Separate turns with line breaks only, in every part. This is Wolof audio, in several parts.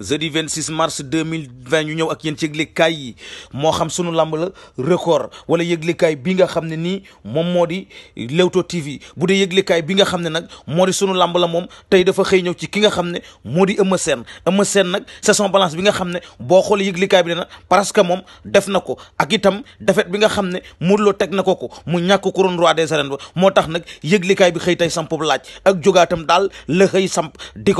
jeudi 26 mars 2020 ñu ñëw ak yéen ci yëglekaay yi moo xam sunu lamb la record wala yëglekaay bi nga xam ne nii moom moo di Leewtoo TV bu dee yëglekaay bi nga xam ne nag moo di sunu lamb la moom tey dafa xëy ñëw ci ki nga xam ne moo di Eumeu Sène Eumeu seen nag saison balance bi nga xam ne boo xool xoolee yëglekaay bi ne na parce que moom def na ko ak itam défaite bi nga xam ne Modou loo teg na ko ko mu ñàkk couronne roi des arènes ba moo tax nag kaay bi xëy tey samp laaj ak jógaatam daal la xëy samp di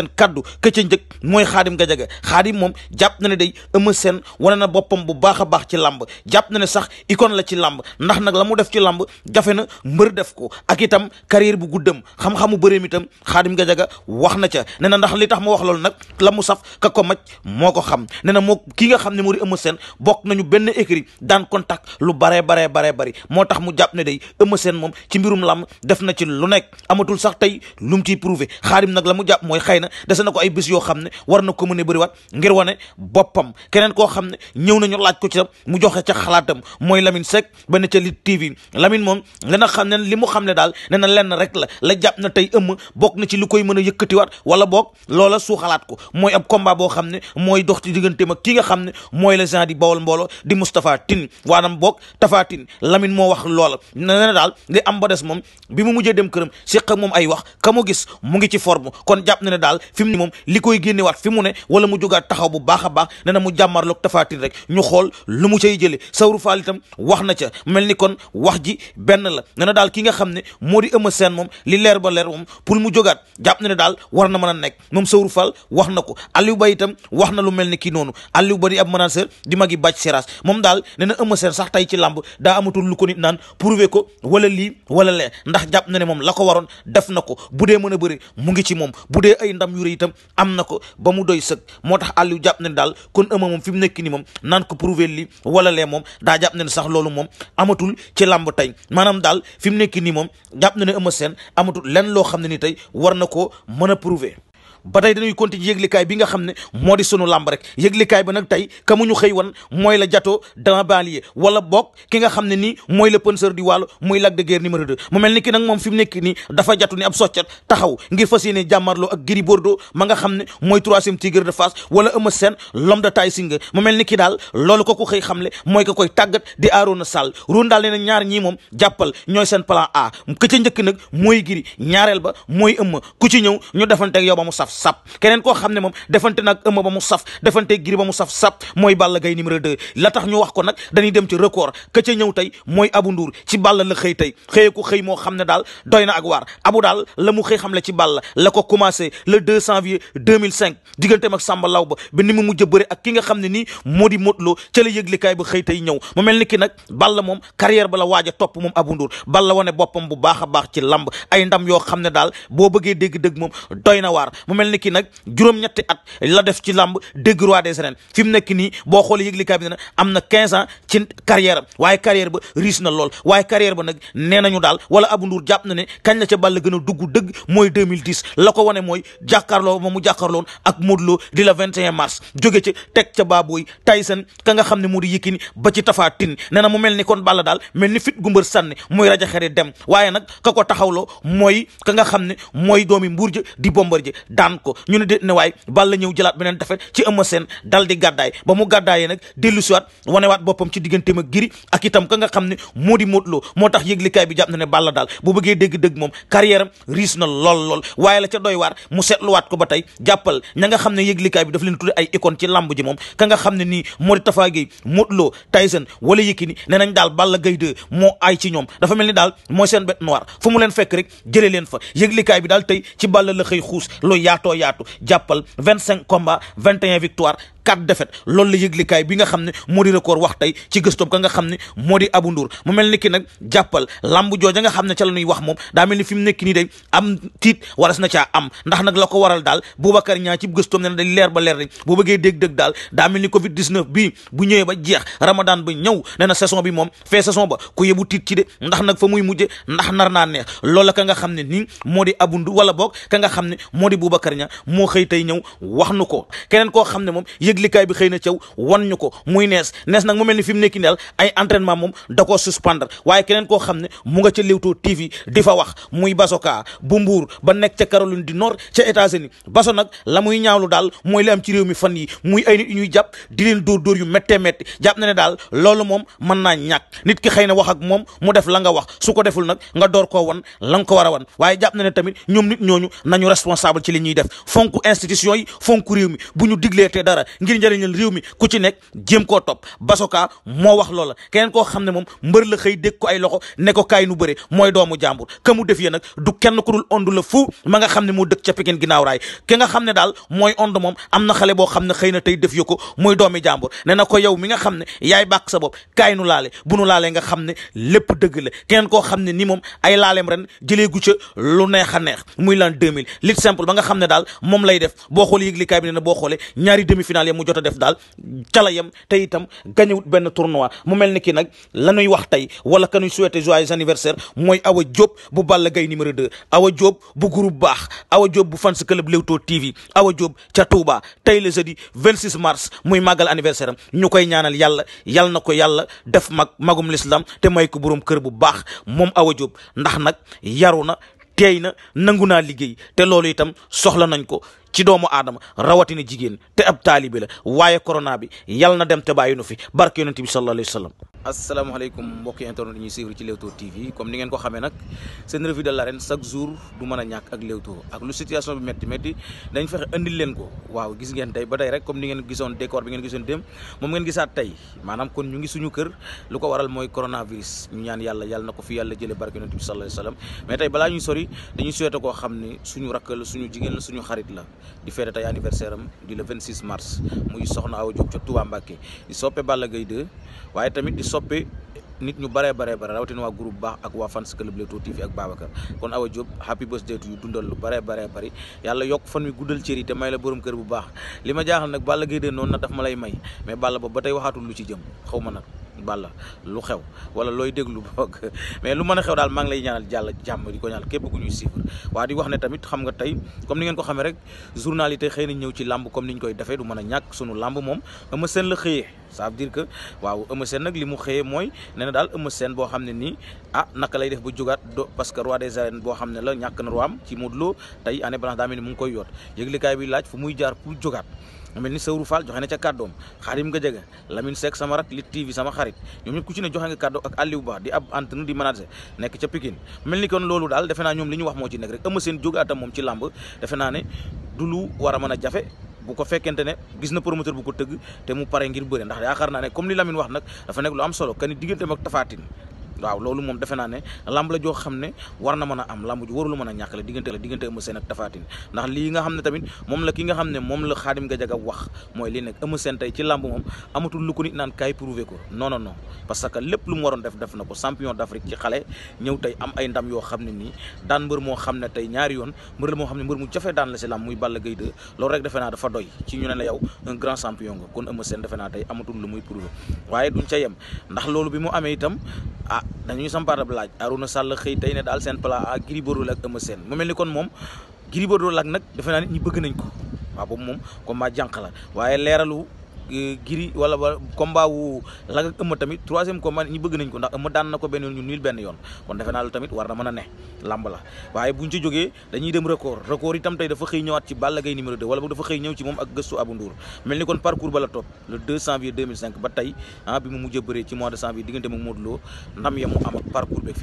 seen kaddu ka ca njëkk mooy xaadim ga jege xaadim moom jàpp na ne day Eumeu Sène wane na boppam bu baax a baax ci làmb jàpp na ne sax icône la ci làmb ndax nag la mu def ci làmb jafe na mbër def ko ak itam carrière bu guddam xam-xamu bëreem itam xaadim ga jege wax na ca ne na ndax li tax ma wax loolu nag la mu saf ka ko maj moo ko xam ne na moo ki nga xam ne moo di Eumeu Sène bokk nañu benn écrit daan contact lu baree bare baree bari moo tax mu jàpp ne day Eumeu seen moom ci mbirum làmb def na ci lu nekk amatul sax tey nag la mu jàpp mooy xëy na dese na ko ay bis yoo xam ne war na ko mën a bëriwaat ngir wane boppam keneen koo xam ne ñëw nañu laaj ko ci tam mu joxe ca xalaatam mooy lamin Seck ba ne ca Lutte TV lamin moom lena xam ne li mu xam ne daal ne na lenn rek la la jàpp na tey ëmm bokk na ci lu koy mën a yëkkati yëkkatiwaat wala boog loola su xalaat ko mooy a combat boo xam ne mooy dox ci digganteem ki nga xam ne mooy le gen di bawol mbooloo di Moustapha Tine waanam boog Tapha Tine lamin moo wax loola ne daal li am ba des moom bi mu mujjee dem këram séq moom ay wax ka mu gis mu ngi ci forme kon jàpp na ne daal fi mu ne moom li koy génnewaat fi mu ne wala mu jógaat taxaw bu baax a baax ne na mu jàmmarloog tafaatin rek ñu xool lu mu cay jëlee sawru faal itam wax na ca mel ni kon wax ji benn la ne daal ki nga xam ne moo di Eumeu Sène moom li leer ba leer moom pour mu jogaat jàpp na ne daal war na mën a nekk moom sawru faal wax na ko Aliou Ba itam wax na lu mel ni kii noonu Aliou Ba di ab manager di magi bàcc séras moom daal ne na Eumeu Sène sax tey ci làmb daa amatul lu ko nit naan prouver ko wala lii wala lee ndax jàpp na ne moom la ko waroon def na ko bu dee mën a bëri mu ngi ci moom ndam yu rëy itam am na ko ba mu doy sëg moo tax Aliou jàpp ne daal kon ëma moom fi mu nekk ni moom naan ko prouver li wala lee moom daa jàpp ne sax loolu moom amatul ci làmb tey maanaam daal fi mu nekk nii moom jàpp na ne Eumeu Sène amatul lenn loo xam ne ni tey war na ko mën a prouver ba tey dañuy konti yëglikaay bi nga xam ne moo di sunu làmb rek yëglikaay ba nag tey ka ñu xëy wan mooy la jatoo dans banlieue wala boog ki nga xam ne nii mooy la penseur di wàllu muy lag de Guiers mu mel ni ki nag moom fi mu nekk nii dafa jatu ni ab soccat taxaw ngir fas yéene jàmmarloo ak Gris Bordeaux nga xam ne mooy troisième tigre de fas wala Eumeu Sène l'homme de taille singa mu mel ni ki daal loolu ko ko xëy xam le mooy ko koy tàggat di Arona Sall ruun daal nee na ñaar ñii moom jàppal ñooy seen plan A ka njëkk nag mooy giri ñaareel ba mooy Eumeu ku ci ñëw ñu defante ak yow ba mu saf saf sap keneen koo xam ne moom defante nag ëmma ba mu saf defante giri ba mu saf sap mooy Balla Gaye numéro 2 la tax ñu wax ko nag dañuy dem ci record ka ca ñëw tey mooy Abu Ndour ci Balla la xëy tey xëyee ko xëy moo xam ne daal doy na ak waar abu daal la mu xëy xam le ci Balla la ko commencé le 2 janvier 2005 diggante ak Samba Law ba ba ni mu mujj bëre ak ki nga xam ne ni moo di Modou Lo ca la ba xëy tey ñëw mu mel ni ki nag Balla moom carrière ba la topp moom Abu Ndour Balla wane boppam bu baax a baax ci lamb ay ndam yoo xam ne daal boo bëggee dégg-dégg moom doy na mel ni ki nag juróom-ñetti at la def ci làmb dégg roi des arènes fi mu nekk nii boo xoolee yëglikaay bi na am na quinze ans ci carrière am waaye carrière ba riche na lool waaye carrière ba nag nee nañu daal wala Abou Ndour jàpp na ne kañ la ca Balla gën a dugg dëgg mooy 2010 la ko wane mooy jàkkaarloo ba mu jàkkaarloon ak Modou Lo di la 21 mars jóge ca teg ca Baboy Tyson ka nga xam ne moo di Yékini ba ci Tapha Tine nee na mu mel ni kon Balla daal mel ni fit gu mbër sànni muy raja xere dem waaye nag ka ko taxawloo mooy ka nga xam ne mooy doomi Mbour jë di Bombardier daan am ko ñu ne déet ne waay Balla ñëw jëlaat beneen defet ci Eumeu Sène dal di gàddaay ba mu gàddaayee nag dellusiwaat wanewaat boppam ci digganteem ak Gris ak itam ka nga xam ne moo di Modou Lo moo tax yëglikaay bi jàpp na ne Balla daal bu bëggee na lool lool waaye la ca doy waar mu seetluwaat ko ba tey jàppal ña nga xam ne bi daf leen tudde ay icône ci lamb ji moom ka nga xam ne nii moo di Tapha Gueye Modou Lo Tyson daal Balla Gaye moo ay ci ñoom dafa mel ni daal mooy seen bête noire fu mu leen fekk rek jëlee leen fa yëglikaay bi daal tey ci yaatoo yaatu jàppal vingt cinq combats vingt et un victoire quatre défaites loolu la yëglikaay bi nga xam ne moo di record wax tey ci gëstoob ka nga xam ne moo di Abou Ndour mu mel ni ki nag jàppal lamb jooja nga xam ne ca la ñuy wax moom daa mel ni fi mu nekk day am tiit wala na caa am ndax nag la ko waral daal Boubacar ñaa ci gëstoom ne na day leer ba leer rek boo bëggee dégg-dëgg daal daa mel ni covid 19 bii bu ñëwee ba jeex ramadan ba ñëw ne na bi moom fee saison ba ku yebu tiit ci de ndax nag fa muy mujje moo di Abou wala boog ka nga ne moo di Boubacar ñaa moo xëy tey ñëw wax nu ko keneen koo xam ne yëglikaay bi xëy na caw wan ñu ko muy nees nees nag mu mel ni fi mu nekki daal ay entraînement moom da koo suspendre waaye keneen koo xam ne mu nga ca too TV di fa wax muy ka bu mbuur ba nekk ca Caroline du Nord ca États-Unis baso nag la muy ñaawlu daal muy li ci réew mi fan yi muy ay nit ñuy jàpp di leen door dóor yu méttee métti jàpp na daal loolu moom mën naa ñàkk nit ki xëy na wax ak moom mu def la nga wax su ko deful nag nga door koo wan la nga ko war a wan waaye jàpp na ne tamit ñoom nit ñooñu nañu responsable ci li ñuy def fonk institution yi fonk bu ñu diglee te dara ngir njëriñal réew mi ku ci nekk jéem koo topp basoka moo wax loola keneen koo xam ne moom mbër la xëy dégg ko ay loxo ne kaay nu bëre mooy doomu jàmbur ka mu def yéen nag du kenn ku dul la fu ma nga xam ne moo dëkk ca Pikine ginnaaw raay ki nga xam ne daal mooy moom am na xale boo xam ne xëy na tey def yo ko muy doomi jàmbur ne na ko yow mi nga xam ne yaay bàq sa bopp kaay nu laale bu nu laalee nga xam ne lépp dëgg la keneen koo xam ne ni moom ay laaleem ren jëlee gu ca lu neex a neex muy lan 2000 lit simple ba nga xam ne daal moom lay def boo xoole yëglikaay bi ne na boo xoole ñaari demi-finale daje mu jot a def daal cala yam te itam gañewut benn tournoi mu mel ni ki nag la ñuy wax tey wala ka ñuy souhaiter joyeux anniversaire mooy Awa Diop bu Balla Gaye numéro 2 Awa Diop bu groupe baax Awa Diop bu fans club Leewtoo TV Awa Diop ca Touba tey le jeudi 26 mars muy màggal anniversaire am ñu koy ñaanal yàlla yàlla na ko yàlla def mag magum l'islam te may ko borom kër bu baax moom Awa Diop ndax nag yaru na teey na nangu naa liggéey te loolu itam soxla nañ ko ci doomu aadama rawatina jigéen te ab taalibi la waaye corona bi yal na dem te bàyyi nu fi barke yonent bi sallallahu alayhi wa asalaamaaleykum mbokki internet ñuy suivre ci Leewtoo TV comme ni ngeen ko xamee nag seen revue de l'arène chaque jour du mën a ñàkk ak Leewtoo ak lu situation bi métti métti dañ fexe andil leen ko waaw gis ngeen tey ba tey rek comme ni ngeen gisoon décor bi ngeen gisoon dem moom ngeen gisaat tey maanaam kon ñu ngi suñu kër lu ko waral mooy coronavirus ñu ñaan yàlla yàlla na ko fi yàlla jële barke yonent bi sallallahu alayhi wasallam mais tey balaa ñuy sori dañuy souhaité koo xam ne suñu rakk la suñu jigéen la suñu xarit la di fête tey anniversaire am di le 26 mars muy soxna Awa Diop ca Touba Mbacké di soppe soppi nit ñu baree baree bare rawatina waa groupe baax ak waa fans club Leewtoo TV ak Babacar kon Awa Diop happy birthday to you dundal lu bare baree bari yàlla yokk fan wi guddal cër yi te may la borom kër bu baax li ma jaaxal nag Balla Gaye de noonu na daf ma lay may mais Balla boobu ba tey waxaatul lu ci jëm xaw ma nag Balla lu xew wala looy déglu boog mais lu mën a xew daal maa ngi lay ñaanal jàll jàmm di ko ñaanal képp ku ñuy suivre waa di wax ne tamit xam nga tey comme ni ngeen ko xamee rek journalité xëy na ñëw ci làmb comme ni ñu koy defee du mën a ñàkk sunu làmb moom Eumeu Sène la xëyee ça veut dire que waaw Eumeu Sène nag li mu xëyee mooy nee na daal Eumeu seen boo xam ne nii ah naka lay def ba jugaat do parce que roi des arènes boo xam ne la ñàkk na roi am ci Modou Lo tey année blanche daa mel mu ngi koy yoot yëglikaay bi laaj fu muy jaar pour jugaat mel ni Sawru Fall joxe na ca kàddoom xaarim nga jege Lamine Seck sama rak Lit TV sama xarit ñoom ñëpp ku ci ne joxe nga kàddoom ak Aliou Ba di ab entraîneur di manager nekk ca Pikine mel ni kon loolu daal defe na ñoom li ñu wax moo ci nekk rek Eumeu Sène jógaatam moom ci làmb defe naa ne du lu war a mën a jafe bu ko fekkente ne gis na promoteur bu ko tëgg te mu pare ngir bëre ndax yaakaar naa ne comme li lamin wax nag dafa nekk lu am solo kan digganteem ak Tapha waaw loolu moom defe naa ne lamb la joo xam ne war na mën a am lamb ju warul mën a ñàkk la diggante la diggante Eumeu Sène ak Tapha Tine ndax lii xam ne tamit moom la ki nga ne moom la Khadim Gadiaga wax mooy lii nag Eumeu Sène tey ci lamb moom amatul lu ko nit naan ko non non non parce lépp lu mu waroon def def na ko champion d'Afrique ci xale ñëw tey am ay ndam yoo xam ne nii daan mbër moo xam ne tey ñaari yoon mbër moo xam ne mbër mu jafe daan la si lamb muy Balla Gaye 2 loolu naa dafa doy ci ñu ne la yow un grand champion nga kon Eumeu Sène muy prouver waaye duñ ca yem ndax loolu bi mu amee itam a ah, dañuy sampaar ab laaj Arouna Sall xëy tey ne daal seen plat à Gris Bordeaux ak Eumeu Sène mu mel ni kon moom Gris Bordeaux nag defe naa nit ñi bëgg nañ ko waaw boobu moom ma jànq la waaye leeralu giri wala wala combat wu Lac ak Eumeu tamit troisième combat ñi bëgg nañ ko ndax Eumeu daan na ko benn yoon ñu benn yoon kon defe naa lu tamit war na mën a ne làmb la waaye buñ ci jógee dañuy dem record record itam tey dafa xëy ñëwaat ci Balla Gaye numéro 2 wala boog dafa xëy ñëw ci moom ak gëstu Abou Ndour mel ni kon parcours ba la topp le 2 janvier ba tey ah bi mu mujj bëree ci mois de janvier diggante mu Modou ndam ya mu am ak parcours bi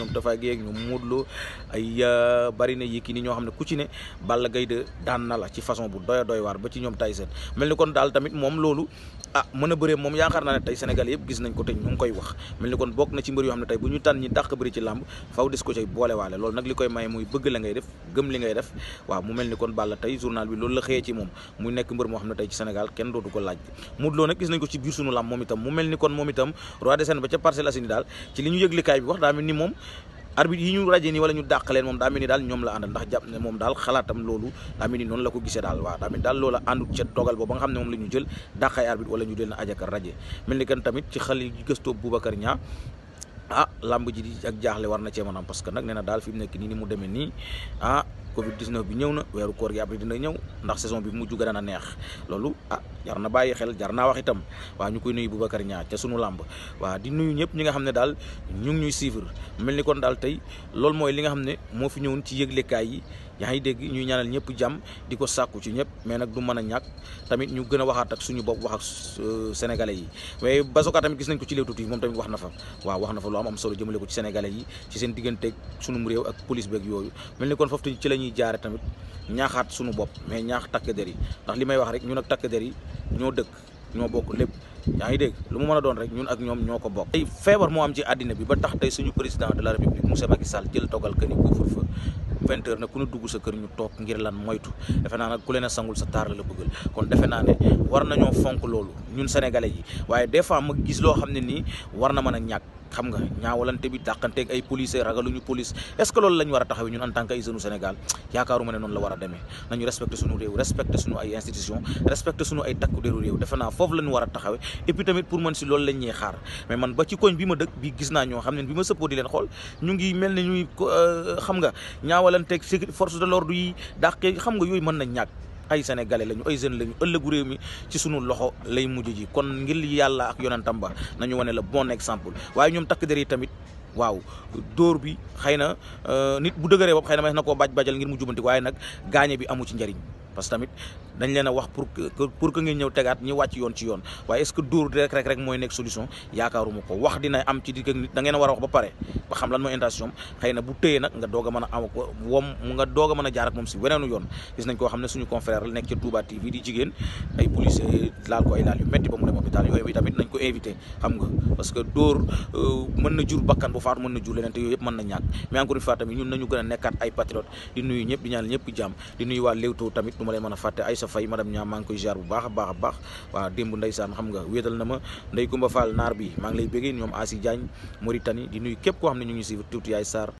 ñoom Tafa Gueye ak ñoom Modou Lo ay euh, bari na Yékini ñoo xam ne ku ci ne Balla Gaye de daan na la ci façon bu doy waar ba ci ñoom Tyson mel ni ah, gis nañ ko tey ñu ngi koy wax mu mel ni kon moom itam roi des scènes ba ca Parcelles Assainies daal ci li ñu yëglikaay bi wax daa mel ni moom arbitre yi ñu raje nii wala ñu dàq leen moom daa mel ni daal ñoom la àndal ndax jàpp ne moom daal xalaatam loolu daa mel noonu la ko gisee daal waaw daa mel ni daal loola àndut ca dogal boobu ba nga xam ne moom la jël dàq ay arbitre ñu del na ajakar raje mel ni kan tamit ci xali gëstoo Boubacar Niang ah lamb ji di ak jaaxle war na cee mën am parce que nag nee na daal fi mu nekk nii ni mu demee nii ah Covid 19 bi ñëw na weeru koor gi après dina ñëw ndax saison bi mu gën a neex loolu ah jar na bàyyi xel jar naa wax itam waa ñu koy nuyu Boubacar ñaar ca sunu làmb waa di nuyu ñëpp ñi nga xam ne daal ñu ngi ñuy suivre mel ni kon daal tey loolu mooy li nga xam ne moo fi ñëwoon ci yëglekaay yi. yaa ngi dégg ñuy ñaanal ñëpp jàmm di ko sàkku ci ñëpp mais nag du mën a ñàkk tamit ñu gën a waxaat ak suñu bopp wax ak euh, sénégalais yi mais Bazooka tamit gis nañ ko ci Leewtoo TV moom tamit wax na fa waaw wax na fa lu am am solo jëmale ko ci sénégalais seen digganteeg sunum réew ak police beeg mel ni kon foofu ci la jaare tamit ñaaxaat suñu bopp mais ñaax takk der yi ndax li may wax rek ñun ak takk der yi ñoo dëkk ñoo bokk lépp yaa ngi dégg lu mu mën a doon rek ñun ak ñoom ñoo ko bokk tey feebar moo am ci àddina bi ba tax tey suñu président de la république monsieur Macky Sall jël togal que ni couvre-feu vingt heures nag ku ne dugg sa kër ñu toog ngir lan moytu defe naa nag ku leen a sangul sa taar la la bëggal kon defe naa ne war nañoo fonk loolu ñun sénégalais yi waaye des fois ma gis loo xam ne nii war na mën a ñàkk xam nga ñaawalante bi dàqanteeg ay policiers ragaluñu police est-ce que loolu lañ war a taxawee ñun en tant que ay jeunes Sénégal yaakaaruma ne noonu la war a demee nañu respecté suñu réew respecté suñu ay institution respecté suñu ay takku déru réew defe naa foofu lañu war a taxawee et puis tamit pour man si loolu lañ xaar mais man ba ci koñ bi ma dëkk bi gis naa ñoo xam ne bi ma sëppoo leen xool ñu ngi mel ne ñuy euh, xam nga ñaawalanteeg force de l'ordre yi yooyu mën nañ ñàkk ay sénégalais lañu ay jeunes lañu ëllëgu réew mi ci sunu loxo lay mujj ji kon ngir yàlla ak yonentam ba nañu wane la bon exemple waaye ñoom takk der yi tamit waaw dóor bi xëy na euh, nit bu dëgëree bopp xëy na may na koo baaj baajal ngir mu jubanti waaye nag gaañe bi amu ci njariñ parce tamit dañ leen a wax pour que ngeen ñëw tegaat ñi wàcc yoon ci yoon waaye est-ce que dóor rek rek mooy nekk solution yaakaaruma ko wax dina am ci di nit da a war a wax ba pare ba xam lan mooy intention xëy na bu téyee nag nga doog a a jaar ak moom si weneenu yoon parce que dóor euh, mën na jur bakkan bu faatu mën na jur leneen te yooyu yëpp mën na ñàkk mais encore une fois tamit ñun nañu gën a nekkaat ay patriote di nuyu ñëpp di ñaan ñëpp jàmm ma lay mën a fàtte Aïssa Faye madame ñaa maa ngi koy ziar bu baax a baax a baax waaw démb ndeysaan xam nga wéetal na ma Ndey Kumba Fall naar bi maa ngi lay bëggee ñoom Asi Diagne Mauritanie di nuyu képp koo xam ne ñu ngi si tuuti yaay Sarr